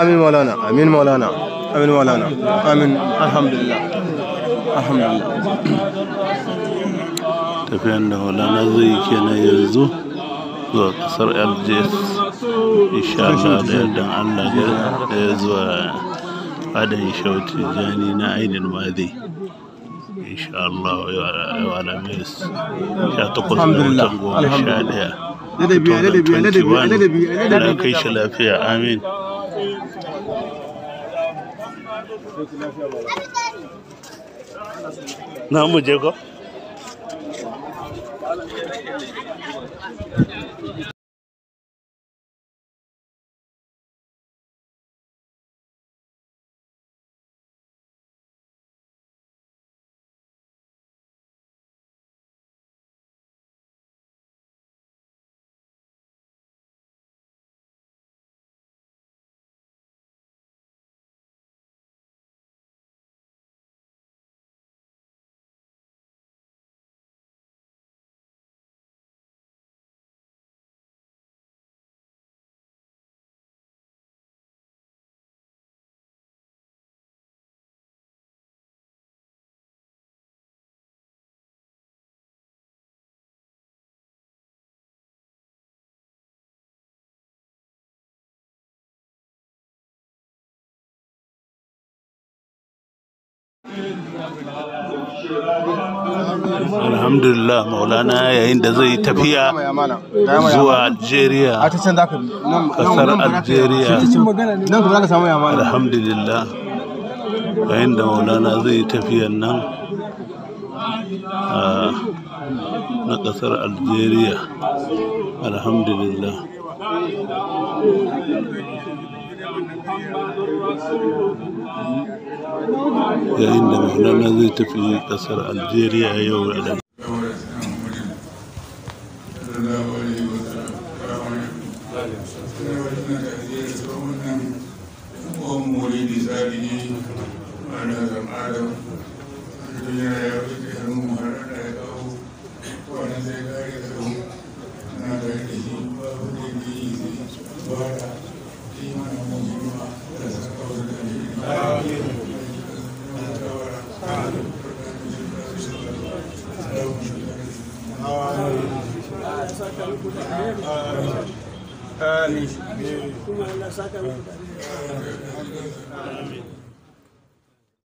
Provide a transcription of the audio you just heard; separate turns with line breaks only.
امين مولانا امين مولانا امين مولانا امين الحمد لله الحمد لله تفين مولانا زي كنا يرزو زوات سرع الجيس ان شاء الله دعنا يرزو ya Shehu Tijjani na Aidil Madi insha Allah yau Alhamis sha takwas da sha ɗaya. lafiya amin. alhamdulillah maulana yayin da zai tafiya zuwa algeria kasar
algeria alhamdulillah yayin da maulana zai tafiya nan
ah, na kasar algeria alhamdulillah yayin da maulana zai tafi kasar algeria yau da Yeah. Amin. Amin. Amin.